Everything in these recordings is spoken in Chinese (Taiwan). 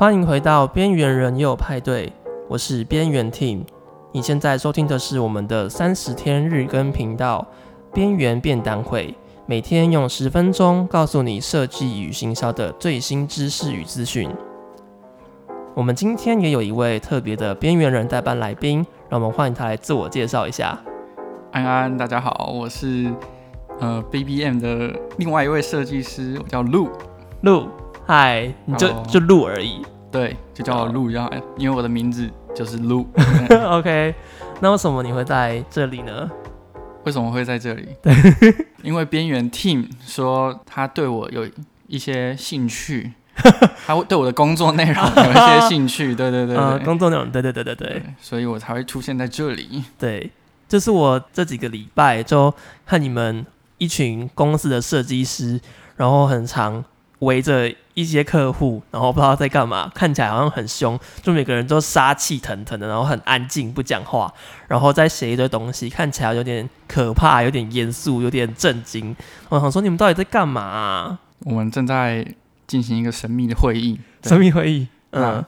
歡迎回到邊緣人又有派對，我是邊緣 Team，你現在收聽的是我們的三十天日更頻道——邊緣便當會，每天用十分鐘告訴你設計與行銷的最新知識與資訊。我們今天也有一位特別的邊緣人代班來賓，讓我們歡迎他來自我介紹一下。安安，大家好，我是呃 BBM 的另外一位設計師，我叫 Lou 陸。嗨，Hi, 你就，oh, 就露而已，對，就叫我露，然後，oh. 因為我的名字就是露。 o、okay. k 那為什麼你會在這裡呢？為什麼會在這裡？對 因為邊緣 team 說他對我有一些興趣， 他會對我的工作內容有一些興趣， 對，對，對對對，呃，uh, 工作內容，對對對對對，所以我才會出現在這裡。對，就是我這幾個禮拜就和你們一群公司的設計師，然後很常圍着。一些客戶，然後不知道在幹嘛，看起來好像很凶，就每個人都殺氣騰騰的，然後很安靜不講話，然後再寫一堆東西，看起來有點可怕，有點嚴肅，有點震驚。我想說，你們到底在幹嘛啊？我們正在進行一個神秘的會議，神秘會議，嗯，嗯，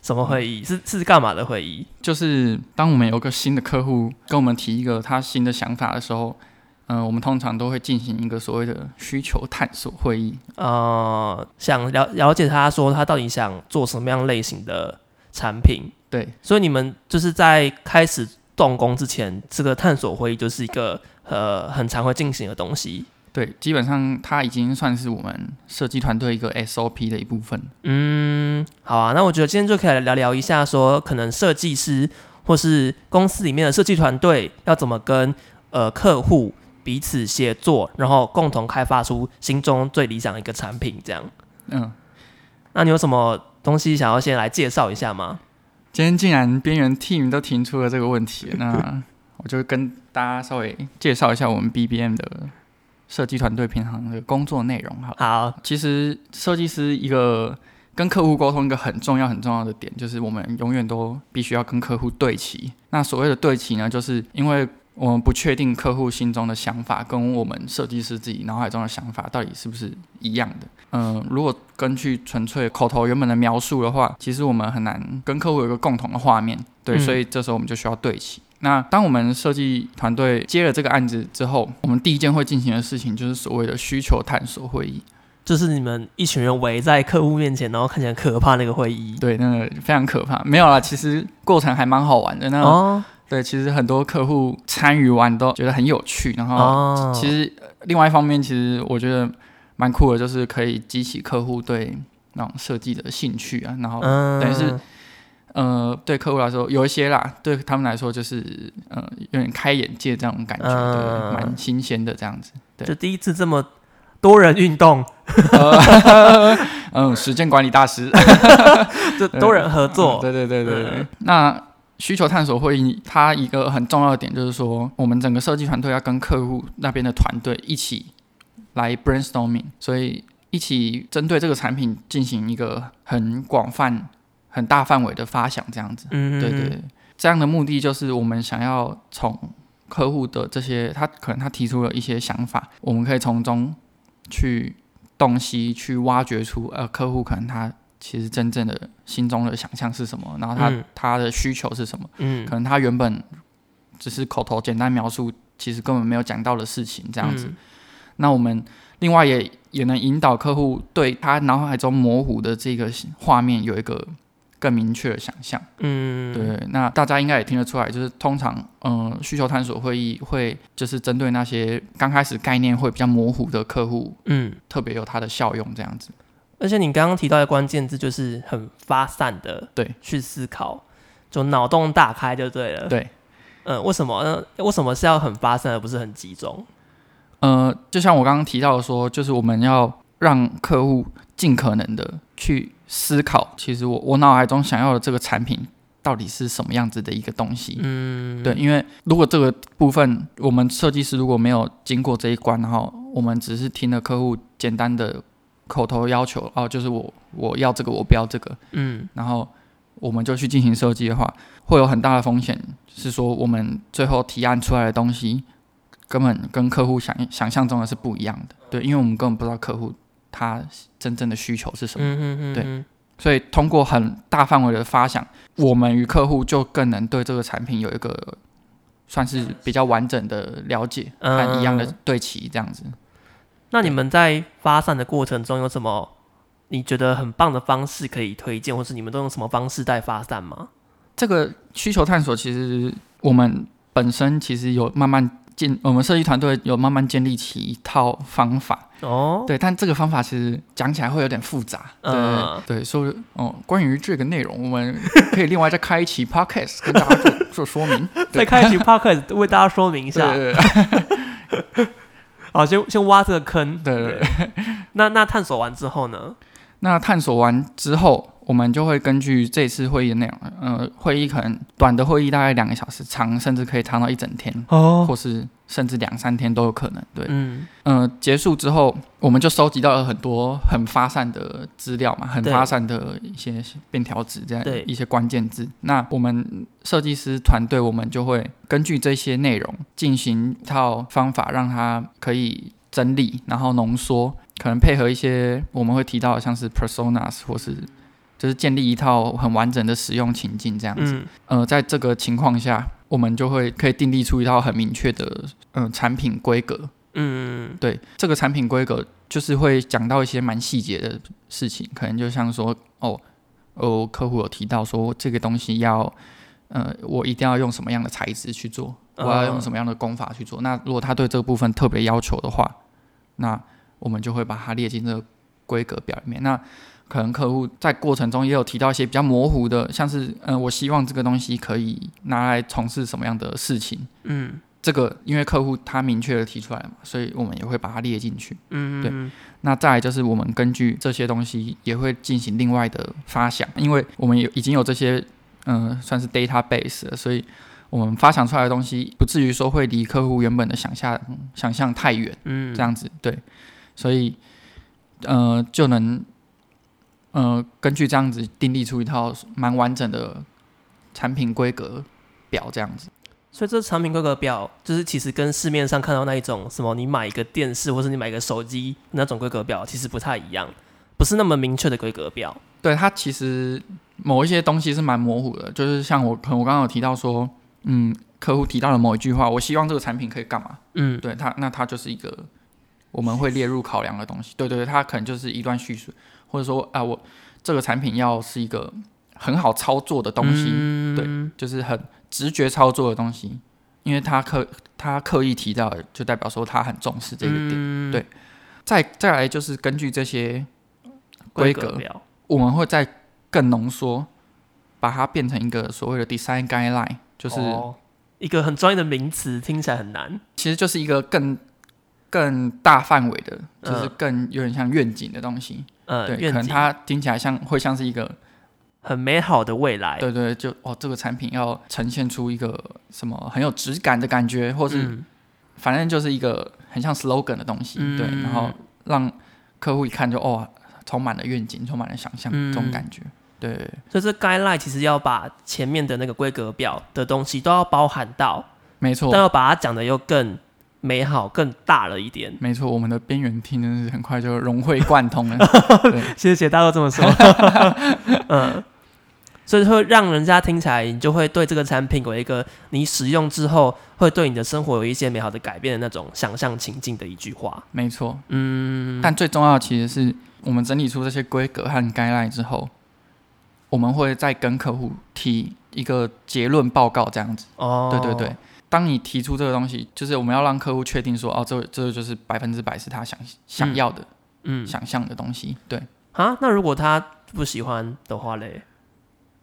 什麼會議？是是幹嘛的會議？就是當我們有個新的客戶跟我們提一個他新的想法的時候。嗯、呃，我們通常都會進行一個所謂的需求探索會議，呃，想了了解他說他到底想做什麼樣類型的產品。對，所以你們就是在開始動工之前，這個探索會議就是一個呃很常會進行的東西。對，基本上他已經算是我們設計團隊一個 SOP 的一部分。嗯，好啊，那我覺得今天就可以來聊聊一下說，說可能設計師或是公司裡面的設計團隊要怎麼跟呃客戶。彼此協作，然後共同開發出心中最理想的一個產品，這樣。嗯，那你有什麼東西想要先來介紹一下嗎？今天既然邊緣 team 都提出了這個問題，那我就跟大家稍微介紹一下我們 BBM 的設計團隊平常的工作內容好了。好，其實設計師一個跟客戶溝通一個很重要很重要的點，就是我們永遠都必須要跟客戶對齊。那所謂的對齊呢，就是因為。我們不確定客戶心中的想法跟我們設計師自己腦海中的想法到底是不是一樣的。嗯，如果根據純粹口頭原本的描述的話，其實我們很難跟客戶有一個共同的畫面。對，嗯、所以這時候我們就需要對齊。那當我們設計團隊接了這個案子之後，我們第一件會進行的事情就是所謂的需求探索會議，就是你們一群人圍在客戶面前，然後看起來可怕的那個會議。對，那個非常可怕。沒有啦，其實過程還蠻好玩的。那個。哦對，其實很多客戶參與完都覺得很有趣，然後、哦、其實另外一方面，其實我覺得蠻酷的，就是可以激起客戶對那種設計的興趣啊，然後等於、嗯、是呃，對客戶來說有一些啦，對他們來說就是嗯、呃，有點開眼界的這種感覺，蠻、嗯、新鮮的這樣子。對，就第一次這麼多人運動， 嗯，時間管理大師， 就多人合作、嗯，對對對對對，嗯、那。需求探索會議，它，一個很重要的點就是說，我們整個設計團隊要跟客戶那邊的團隊一起來 brainstorming，所以一起針對這個產品進行一個很廣泛、很大範圍的發想，這樣子。對對，對。這樣的目的就是我們想要從客戶的這些，他可能他提出了一些想法，我們可以從中去洞悉去挖掘出，呃，客戶可能他。其實真正的心中的想象是什麼？然後他、嗯、他的需求是什麼？嗯、可能他原本只是口頭簡單描述，其實根本沒有講到的事情，這樣子。嗯、那我們另外也也能引導客戶對他腦海中模糊的這個畫面有一個更明確的想象。嗯，對。那大家應該也聽得出來，就是通常嗯、呃、需求探索會議會就是針對那些剛開始概念會比較模糊的客戶，嗯，特別有它的效用這樣子。而且你剛剛提到的關鍵字，就是很發散的，對，去思考，對，就腦洞大開就對了。對，嗯，為什麼呢？呃，為什麼是要很發散而不是很集中？呃，就像我剛剛提到的說，就是我們要讓客戶盡可能的去思考，其實我我腦海中想要的這個產品到底是什麼樣子的一個東西。嗯，對，因為如果這個部分我們設計師如果沒有經過這一關，然後我們只是聽了客戶簡單的。口頭要求哦、啊，就是我我要這個，我不要這個，嗯，然後我們就去進行設計的話，會有很大的風險，是說我們最後提案出來的東西根本跟客戶想想象中的是不一樣的，對，因為我們根本不知道客戶他真正的需求是什麼，嗯哼嗯哼，對，所以通過很大範圍的發想，我們與客戶就更能對這個產品有一個算是比較完整的了解和一樣的對齊，嗯、這樣子。那你們在發散的過程中有什麼你覺得很棒的方式可以推薦，或是你們都用什麼方式在發散嗎？這個需求探索其實我們本身其實有慢慢建，我們設計團隊有慢慢建立起一套方法哦。對，但這個方法其實講起來會有點複雜。嗯對，對，所以哦、嗯，關於這個內容，我們可以另外再開一期 podcast 跟大家做做說明，再開一期 podcast 為大家說明一下。好、哦、先先挖這個坑。對，對，對，對， 那那探索完之後呢？那探索完之後。我們就會根據這次會議的內容，呃，會議可能短的會議大概兩個小時長，長甚至可以長到一整天，哦，或是甚至兩三天都有可能。對，嗯、呃，結束之後，我們就收集到了很多很發散的資料嘛，很發散的一些便條紙這樣，對一些關鍵字。對那我們設計師團隊，我們就會根據這些內容進行一套方法，讓它可以整理，然後濃縮，可能配合一些我們會提到的，像是 personas 或是。就是建立一套很完整的使用情境，這樣子，嗯、呃，在這個情況下，我們就會可以訂立出一套很明確的，嗯、呃，產品規格。嗯，對，這個產品規格就是會講到一些蠻細節的事情，可能就像說，哦，哦，客戶有提到說這個東西要，呃，我一定要用什麼樣的材質去做，我要用什麼樣的工法去做。嗯、那如果他對這個部分特別要求的話，那我們就會把它列進這個規格表裡面。那可能客戶在過程中也有提到一些比較模糊的，像是嗯、呃，我希望這個東西可以拿來從事什麼樣的事情，嗯，這個因為客戶他明確的提出來嘛，所以我們也會把它列進去，嗯，嗯嗯，對。那再來就是我們根據這些東西也會進行另外的發想，因為我們有已經有這些嗯、呃，算是 database，所以我們發想出來的東西不至於說會離客戶原本的想象想象太遠，嗯，這樣子對，所以嗯、呃，就能。呃，根據這樣子定義出一套蠻完整的產品規格表這樣子，所以這產品規格表就是其實跟市面上看到那一種什麼，你買一個電視或是你買一個手機那種規格表，其實不太一樣，不是那麼明確的規格表。對，它其實某一些東西是蠻模糊的，就是像我可能我剛剛有提到說，嗯，客戶提到了某一句話，我希望這個產品可以幹嘛？嗯，對它，那它就是一個。我們會列入考量的東西，對對對，它可能就是一段敘述，或者說啊，我這個產品要是一個很好操作的東西，嗯、對，就是很直覺操作的東西，因為它刻他刻意提到，就代表說它很重視這個點，嗯、對。再再來就是根據這些規格，格我們會再更濃縮，把它變成一個所謂的 design guideline，就是、哦、一個很專業的名詞，聽起來很難，其實就是一個更。更大範圍的，就是更有點像願景的東西。呃，對，願景，可能它聽起來像會像是一個很美好的未來。對，對對，就哦，這個產品要呈現出一個什麼很有質感的感覺，或是、嗯、反正就是一個很像 slogan 的東西。嗯、對，然後讓客戶一看就哦，充滿了願景，充滿了想象這種感覺。嗯、對，所以這 guideline 其實要把前面的那個規格表的東西都要包含到，沒錯錯，但要把它講的又更美好更大了一點，沒錯，我們的邊緣聽真的是很快就融會貫通了。 對謝謝大家都這麼說。 嗯，所以會讓人家聽起來，你就會對這個產品有一個你使用之後會對你的生活有一些美好的改變的那種想象情境的一句話。沒錯錯，嗯。但最重要的其實是我們整理出這些規格和概賴之後，我們會再跟客戶提一個結論報告這樣子。哦，對對對。當你提出這個東西，就是我們要讓客戶確定說，哦，這這就是百分之百是他想想要的，嗯，嗯想象的東西，對。啊。那如果他不喜歡的話嘞？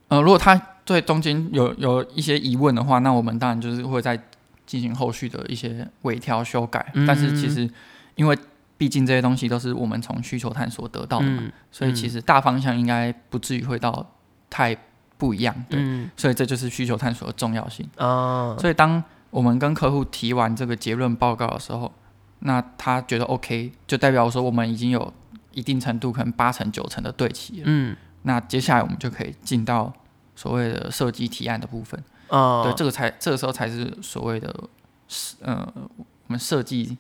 呃，如果他對中間有有一些疑問的話，那我們當然就是會再進行後續的一些微調修改。嗯、但是其實，因為畢竟這些東西都是我們從需求探索得到的嘛，嗯嗯、所以其實大方向應該不至於會到太不一樣，對。嗯、所以這就是需求探索的重要性啊。哦、所以當我們跟客戶提完這個結論報告的時候，那他覺得 OK，就代表說我們已經有一定程度，可能八成九成的對齊了。嗯，那接下來我們就可以進到所謂的設計提案的部分。嗯、對，這個才這個時候才是所謂的，嗯、呃，我們設計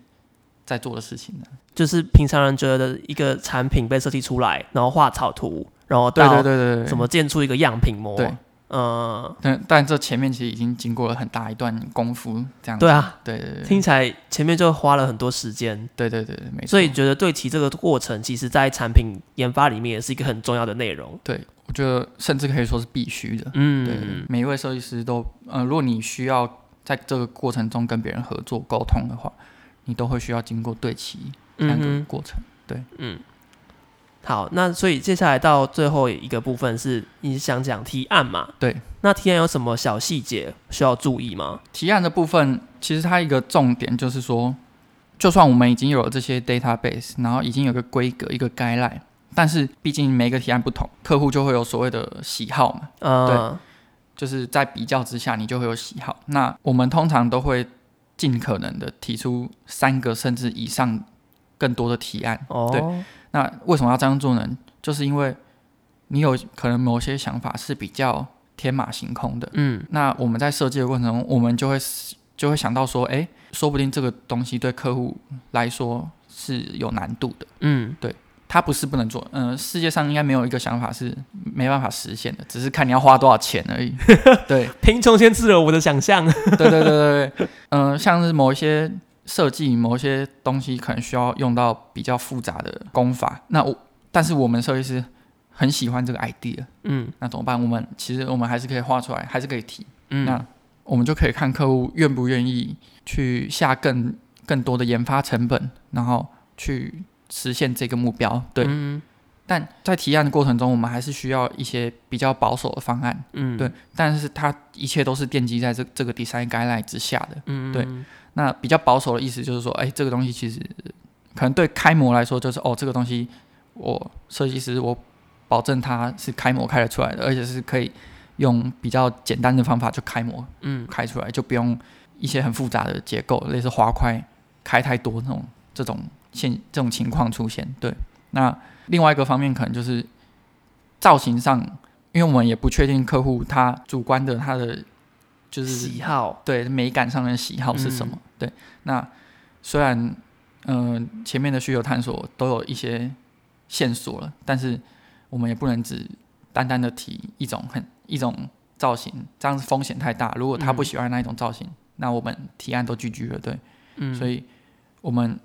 在做的事情呢。就是平常人覺得一個產品被設計出來，然後畫草圖，然後對，對對對對，怎麼建出一個樣品模？對。嗯，但但這前面其實已經經過了很大一段功夫，這樣子對啊，對對對，聽起來前面就花了很多時間，對對對，沒錯，所以覺得對齊這個過程，其實在產品研發裡面也是一個很重要的內容。對，我覺得甚至可以說是必須的。嗯，對，每一位設計師都，嗯、呃，如果你需要在這個過程中跟別人合作溝通的話，你都會需要經過對齊那個過程。嗯、哼對，嗯。好，那所以接下來到最後一個部分是你想講提案嘛？對，那提案有什麼小細節需要注意嗎？提案的部分其實它一個重點就是說，就算我們已經有了這些 database，然後已經有個規格一個 guideline，但是畢竟每個提案不同，客戶就會有所謂的喜好嘛。嗯，對，就是在比較之下，你就會有喜好。那我們通常都會盡可能的提出三個甚至以上更多的提案。哦。對那為什麼要這樣做呢？就是因為你有可能某些想法是比較天馬行空的，嗯，那我們在設計的過程中，我們就會就會想到說，哎、欸，說不定這個東西對客戶來說是有難度的，嗯，對，他不是不能做，嗯、呃，世界上應該沒有一個想法是沒辦法實現的，只是看你要花多少錢而已。 對，貧窮限制了我的想象。對 對對對對，嗯、呃，像是某一些。設計某些東西可能需要用到比較複雜的工法，那我但是我們設計師很喜歡這個 idea，嗯，那怎麼辦？我們其實我們還是可以畫出來，還是可以提，嗯，那我們就可以看客戶願不願意去下更更多的研發成本，然後去實現這個目標，對。嗯，但在提案的過程中，我們還是需要一些比較保守的方案，嗯，對。但是它一切都是奠基在這這個 design guideline 之下的，嗯，對。那比較保守的意思就是說，哎、欸，這個東西其實可能對開模來說就是，哦，這個東西我設計師，我保證它是開模開得出來的，而且是可以用比較簡單的方法就開模，嗯，開出來就不用一些很複雜的結構，類似滑塊開太多那種這種現這種情況出現。對，那另外一個方面可能就是造型上，因為我們也不確定客戶他主觀的他的，就是喜好，對美感上的喜好是什麼？嗯、對，那雖然嗯、呃、前面的需求探索都有一些線索了，但是我們也不能只單單的提一種很一種造型，這樣子風險太大。如果他不喜歡那一種造型，嗯、那我們提案都拒絕了。對。嗯、所以我們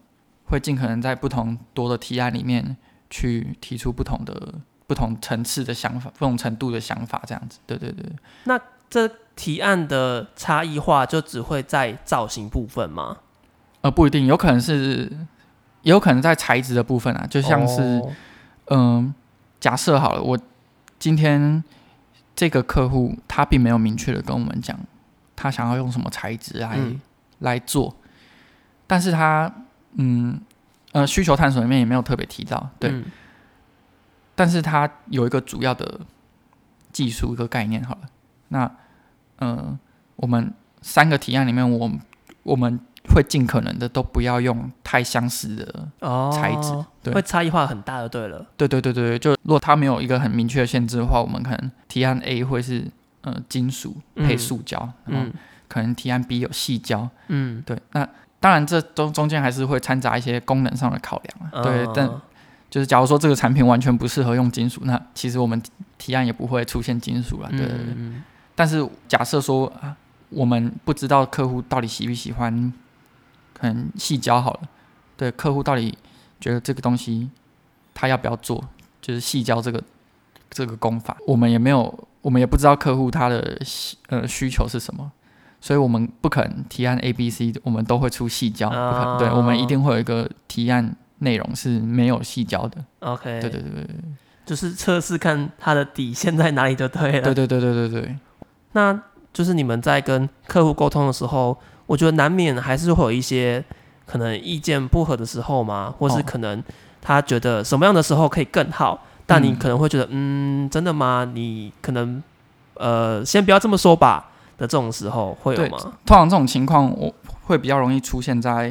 會盡可能在不同多的提案裡面去提出不同的不同層次的想法，不同程度的想法，這樣子。對對對，那。這提案的差異化就只會在造型部分嗎？呃，不一定，有可能是，有可能在材質的部分啊，就像是，嗯、哦呃，假設好了，我今天這個客戶他並沒有明確的跟我們講他想要用什麼材質來、嗯、來做，但是他嗯呃需求探索裡面也沒有特別提到，對，嗯、但是他有一個主要的技術一個概念好了。那，嗯、呃，我們三個提案裡面，我我們會盡可能的都不要用太相似的材質，哦、對會差異化很大就對了。對對對對，就如果它沒有一個很明確的限制的話，我們可能提案 A 會是嗯、呃、金屬配塑膠，嗯，可能提案 B 有矽膠，嗯，對。嗯、那當然這中中間還是會摻雜一些功能上的考量啊。對，哦、但就是假如說這個產品完全不適合用金屬，那其實我們提案也不會出現金屬啦。對對、嗯、對。嗯但是假設說啊，我們不知道客戶到底喜不喜歡，可能矽膠好了，對客戶到底覺得這個東西他要不要做，就是矽膠這個這個工法，我們也沒有，我們也不知道客戶他的呃需求是什麼，所以我們不可能提案 A、B、C，我們都會出矽膠，oh. 不可能，對，我們一定會有一個提案內容是沒有矽膠的。OK，對，對對對對，就是測試看他的底線在哪裡就對了。對，對對對對對對。那就是你們在跟客戶溝通的時候，我覺得難免還是會有一些可能意見不合的時候嘛，或是可能他覺得什麼樣的時候可以更好，但你可能會覺得，嗯，嗯，真的嗎？你可能呃，先不要這麼說吧。的這種時候會有嗎？對，通常這種情況我會比較容易出現在，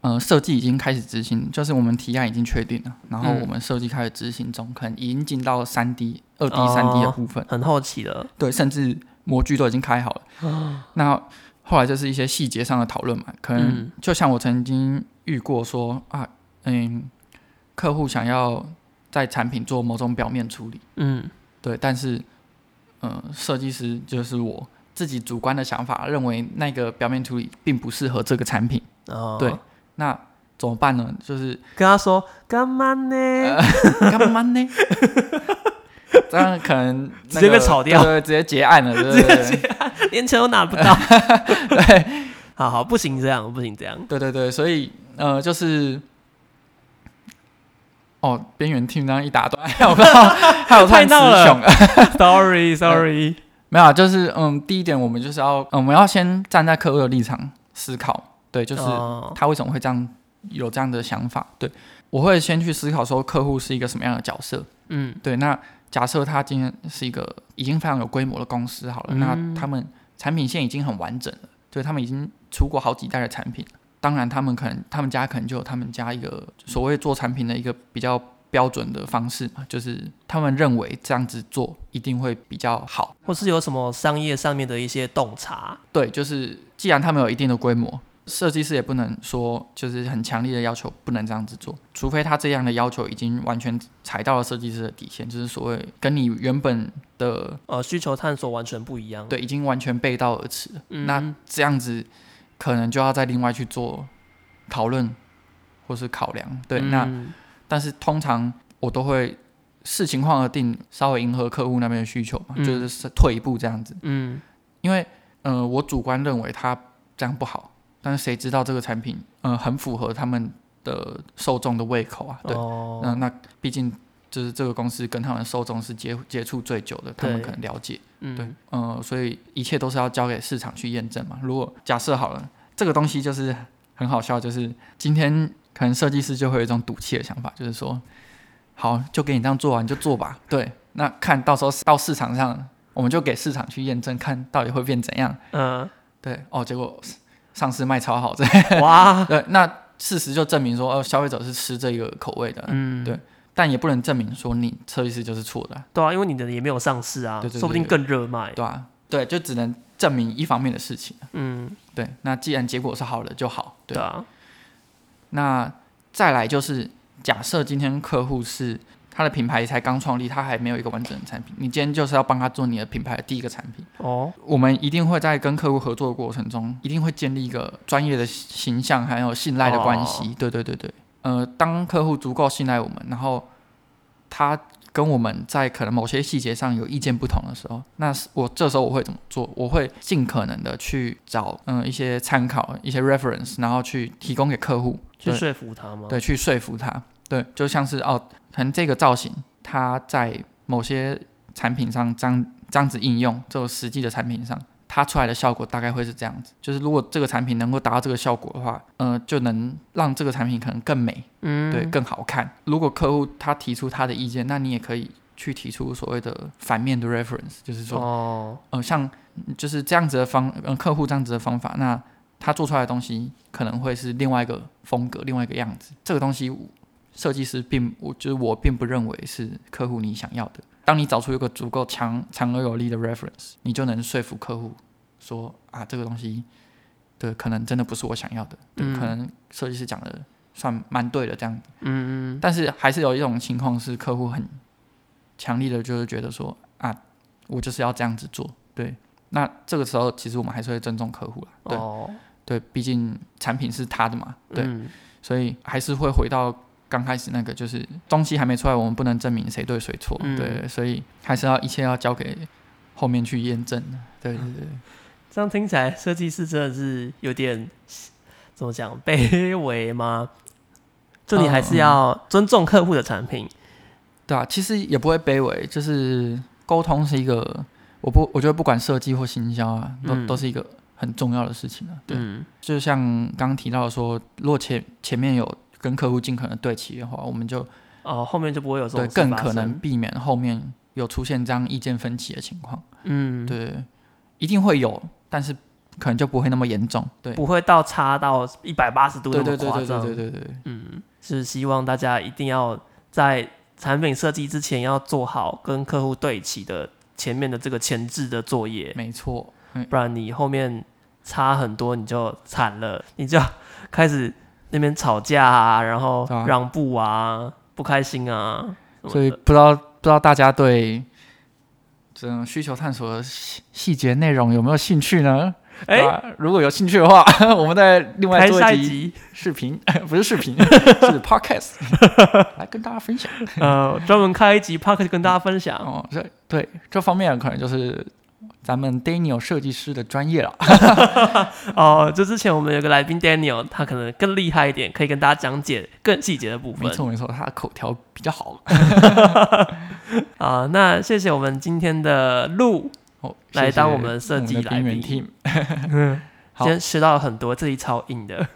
嗯、呃，設計已經開始執行，就是我們提案已經確定了，然後我們設計開始執行中，嗯、可能已經進到了三 D, D、哦、二 D、三 D 的部分，很好奇了，對，甚至。模具都已經開好了，那後來就是一些細節上的討論嘛。可能就像我曾經遇過說，說啊，嗯，客戶想要在產品做某種表面處理，嗯，對，但是，嗯、呃，設計師就是我自己主觀的想法，認為那個表面處理並不適合這個產品，哦、對，那怎麼辦呢？就是跟他說幹嘛呢？幹嘛、呃、呢？ 這樣可能，那個，直接被炒掉，對，對，對，直接結案了， 案對不對，對？ 連錢都拿不到。 對，好好，不行這樣，不行這樣。對對對，所以呃，就是哦，邊緣聽這樣一打斷，還有還有太鬧了，sorry sorry，、呃、沒有、啊，就是嗯，第一點，我們就是要，嗯，我們要先站在客戶的立場思考，對，就是他為什麼會這樣有這樣的想法，對，我會先去思考說客戶是一個什麼樣的角色，嗯，對，那。假設他今天是一個已經非常有規模的公司好了，嗯，那他們產品線已經很完整了，對，他們已經出過好幾代的產品了，當然，他們可能他們家可能就有他們家一個所謂做產品的一個比較標準的方式嘛，就是他們認為這樣子做一定會比較好，或是有什麼商業上面的一些洞察。對，就是既然他們有一定的規模。設計師也不能說就是很強烈的要求不能這樣子做，除非他這樣的要求已經完全踩到了設計師的底線，就是所謂跟你原本的呃、哦、需求探索完全不一樣，對，已經完全背道而馳、嗯、那這樣子可能就要再另外去做討論或是考量，對。嗯、那但是通常我都會視情況而定，稍微迎合客戶那邊的需求嘛，嗯、就是退一步這樣子。嗯，因為呃我主觀認為他這樣不好。但是誰知道這個產品，嗯、呃，很符合他們的受眾的胃口啊，對，嗯、Oh.，那那畢竟就是這個公司跟他們受眾是接接觸最久的，他們可能了解，對，嗯、呃，所以一切都是要交給市場去驗證嘛。如果假設好了，這個東西就是很好笑，就是今天可能設計師就會有一種賭氣的想法，就是說，好，就給你這樣做完、啊、就做吧，對，那看到時候到市場上，我們就給市場去驗證，看到底會變怎樣，嗯，Uh. 對，哦，結果。上市賣超好，這哇，對，那事實就證明說，哦、呃，消費者是吃這個口味的，嗯，對，但也不能證明說你設計師就是錯的，對啊，因為你的也沒有上市啊，對對對對對，說不定更熱賣，對啊，對，就只能證明一方面的事情，嗯，對，那既然結果是好的，就好，對，對啊，那再來就是假設今天客戶是。他的品牌才剛創立，他還沒有一個完整的產品。你今天就是要幫他做你的品牌的第一個產品。哦。Oh. 我們一定會在跟客戶合作的過程中，一定會建立一個專業的形象還有信賴的關係。Oh. 對對對對。呃，當客戶足夠信賴我們，然後他跟我們在可能某些細節上有意見不同的時候，那我這時候我會怎麼做？我會盡可能的去找嗯、呃、一些參考一些 reference，然後去提供給客戶去說服他嗎？對，去說服他。對，就像是哦，可能這個造型它在某些產品上這樣這樣子應用，就實際的產品上，它出來的效果大概會是這樣子。就是如果這個產品能夠達到這個效果的話，嗯、呃，就能讓這個產品可能更美，嗯，對，更好看。如果客戶他提出他的意見，那你也可以去提出所謂的反面的 reference，就是說，哦，呃，像就是這樣子的方，嗯、呃，客戶這樣子的方法，那他做出來的東西可能會是另外一個風格，另外一個樣子。這個東西。設計師並我就是我並不認為是客戶你想要的。當你找出一個足夠強強而有力的 reference，你就能說服客戶說啊，這個東西對，可能真的不是我想要的，對，嗯、可能設計師講的算蠻對的。這樣，嗯嗯，但是還是有一種情況是客戶很強力的，就是覺得說啊，我就是要這樣子做。對，那這個時候其實我們還是會尊重客戶啦，對，哦、對，畢竟產品是他的嘛，對，嗯、所以還是會回到。剛開始那個就是東西還沒出來，我們不能證明誰對誰錯，嗯、對，所以還是要一切要交給後面去驗證對對對。這樣聽起來，設計師真的是有點怎麼講卑微嗎？這裡還是要尊重客戶的產品、嗯，對啊，其實也不會卑微，就是溝通是一個，我不我覺得不管設計或行銷啊，都、嗯、都是一個很重要的事情啊。對，嗯、就像剛提到說，如果前前面有。跟客戶盡可能對齊的話，我們就呃、哦、後面就不會有這種更可能避免後面有出現這樣意見分歧的情況。嗯，對，一定會有，但是可能就不會那麼嚴重，對，不會到差到一百八十度那麼誇張。對對對，對，對，對對對，嗯，是希望大家一定要在產品設計之前要做好跟客戶對齊的前面的這個前置的作業。沒錯，嗯、不然你後面差很多你就慘了，你就開始。那邊吵架、啊，然後讓步啊，啊不開心啊，所以不知道對不知道大家對這種需求探索的細細節內容有沒有興趣呢？哎誒、啊，如果有興趣的話，我們再另外開一集視頻， 不是視頻， 是 podcast 來跟大家分享。呃，專門開一集 podcast 跟大家分享、嗯、哦。對這方面可能就是。咱們 Daniel 設計師的專業了， 哦，就之前我們有個來賓 Daniel，他可能更厲害一點，可以跟大家講解更細節的部分。沒錯沒錯，他的口條比較好。啊、 哦，那謝謝我們今天的路、哦、來當我們設計的 team， 今天吃到了很多，這裡超硬的，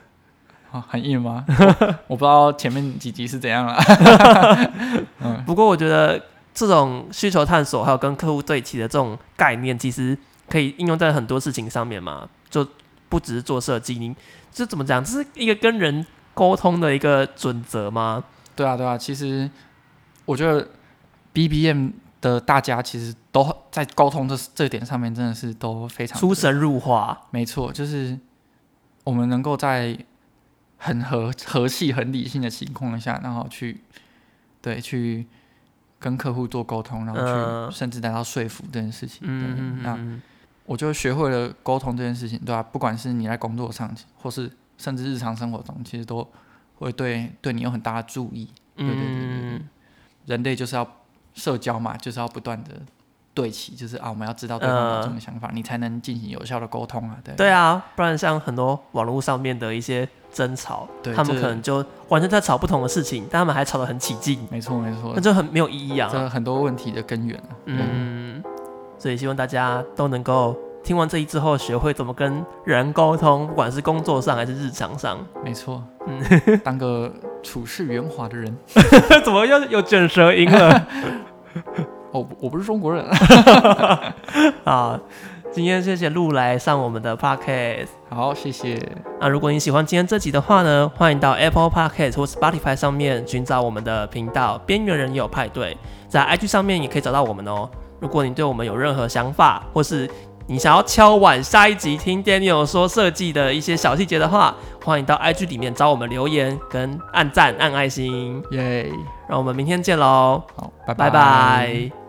很硬嗎？ 我我不知道前面幾集是怎樣了， 不過我覺得。這種需求探索還有跟客戶對齊的這種概念，其實可以應用在很多事情上面嘛。就不只是做設計，你這怎麼講，這是一個跟人溝通的一個準則嗎？對啊，對啊。其實我覺得 BBM 的大家其實都在溝通這這點上面，真的是都非常出神入化。沒錯，就是我們能夠在很和和氣、很理性的情況下，然後去對去。跟客戶做溝通，然後去甚至達到說服這件事情。呃、對嗯，那我就學會了溝通這件事情，對吧，啊？不管是你在工作上，或是甚至日常生活中，其實都會對對你有很大的助益。對，對，對，對，對，嗯，人類就是要社交嘛，就是要不斷的。對齊就是啊，我們要知道對方的這種想法，呃、你才能進行有效的溝通啊。對，對啊，不然像很多網絡上面的一些爭吵，對他們可能就完全在吵不同的事情，但他們還吵得很起勁。沒錯，沒錯，那就很沒有意義啊。嗯、這很多問題的根源、啊、嗯，嗯，所以希望大家都能夠聽完這一之後，學會怎麼跟人溝通，不管是工作上還是日常上。沒錯錯，嗯， 當個處事圓滑的人， 怎麼又有卷舌音了？ 哦，我不是中國人啊！啊，今天謝謝路來上我們的 podcast，好，謝謝。那如果你喜歡今天這集的話呢，歡迎到 Apple Podcast 或 Spotify 上面尋找我們的頻道《邊緣人也有派對》，在 IG 上面也可以找到我們哦。如果你對我們有任何想法，或是你想要敲碗下一集聽 Daniel 說設計的一些小細節的話，歡迎到 IG 裡面找我們留言跟按讚按愛心，耶 Yeah！讓我們明天見嘍，好，拜拜 bye。Bye bye